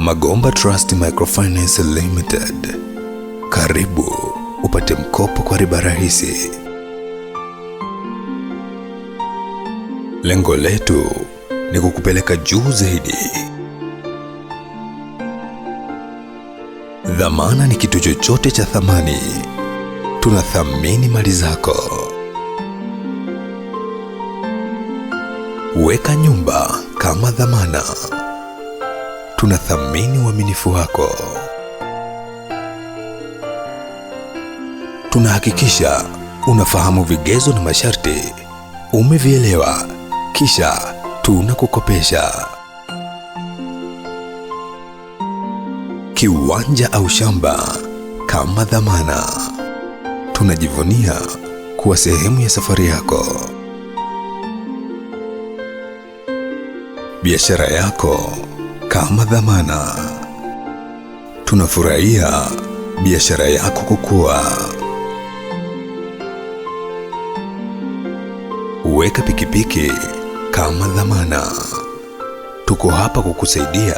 Magomba Trust Microfinance Limited. Karibu upate mkopo kwa riba rahisi. Lengo letu ni kukupeleka juu zaidi. Dhamana ni kitu chochote cha thamani. Tunathamini mali zako. Weka nyumba kama dhamana tunathamini uaminifu wako. Tunahakikisha unafahamu vigezo na masharti, umevielewa, kisha tunakukopesha. Kiwanja au shamba kama dhamana. Tunajivunia kuwa sehemu ya safari yako. Biashara yako kama dhamana. Tunafurahia biashara yako kukua. Weka pikipiki kama dhamana. Tuko hapa kukusaidia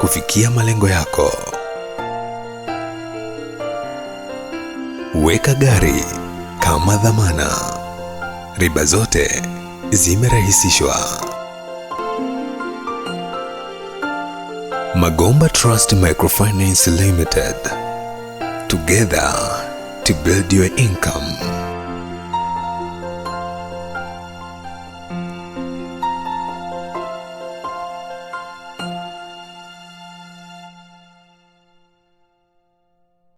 kufikia malengo yako. Weka gari kama dhamana. Riba zote zimerahisishwa. Magomba Trust Microfinance Limited. Together to build your income.